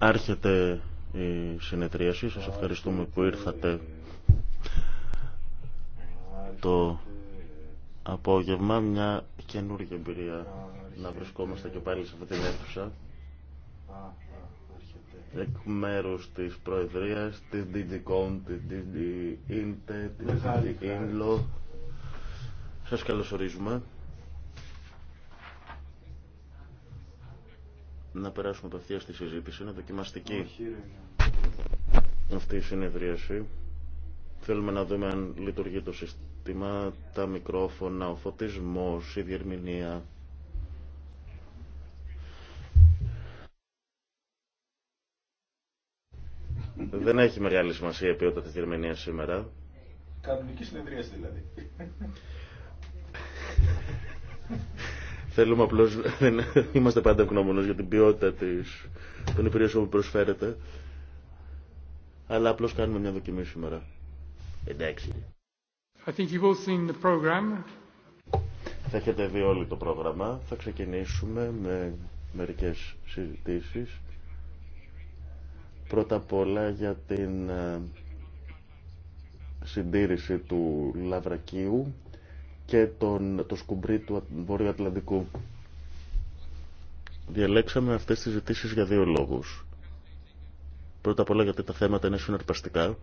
Άρχεται η συνεδρίαση. Σας ευχαριστούμε που ήρθατε το απόγευμα. Μια καινούργια εμπειρία να βρισκόμαστε και πάλι σε αυτή την αίθουσα. Εκ μέρους της Προεδρίας, της DigiCom, της DigiInte, της DigiInlo. Σας καλωσορίζουμε. να περάσουμε απευθεία στη συζήτηση. Είναι δοκιμαστική αυτή η συνεδρίαση. Θέλουμε να δούμε αν λειτουργεί το σύστημα, τα μικρόφωνα, ο φωτισμός, η διερμηνία. Δεν έχει μεγάλη σημασία η ποιότητα τη διερμηνία σήμερα. Κανονική συνεδρίαση δηλαδή. Θέλουμε απλώς, είμαστε πάντα ευγνώμονε για την ποιότητα της, των υπηρεσιών που προσφέρεται. Αλλά απλώ κάνουμε μια δοκιμή σήμερα. Εντάξει. Θα έχετε δει όλοι το πρόγραμμα. Θα ξεκινήσουμε με μερικέ συζητήσεις. Πρώτα απ' όλα για την ε, συντήρηση του Λαβρακίου και τον, το σκουμπρί του Βόρειου Ατλαντικού. Διαλέξαμε αυτές τις ζητήσεις για δύο λόγους. Πρώτα απ' όλα γιατί τα θέματα είναι συναρπαστικά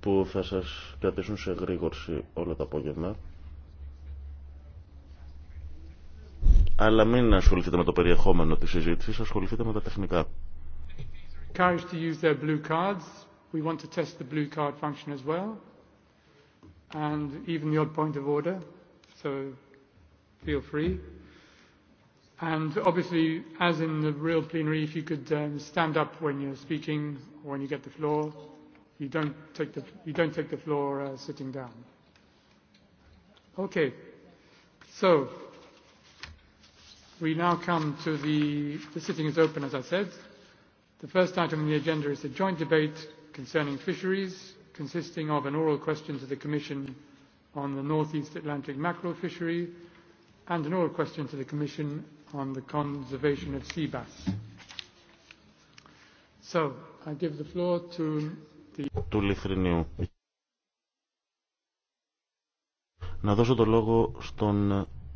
που θα σα κρατήσουν σε γρήγορση όλα τα απόγευμα. Αλλά μην ασχοληθείτε με το περιεχόμενο της συζήτησης, ασχοληθείτε με τα τεχνικά. to use their blue cards. We want to test the blue card function as well and even your point of order, so feel free. And obviously, as in the real plenary, if you could stand up when you're speaking or when you get the floor, you don't take the, you don't take the floor sitting down. Okay, so we now come to the, the sitting is open, as I said. The first item on the agenda is a joint debate concerning fisheries, consisting of an oral question to the Commission on the North East Atlantic mackerel fishery and an oral question to the Commission on the conservation of sea bass. So, I give the floor to the... Του Λιθρινίου. Να δώσω το λόγο στον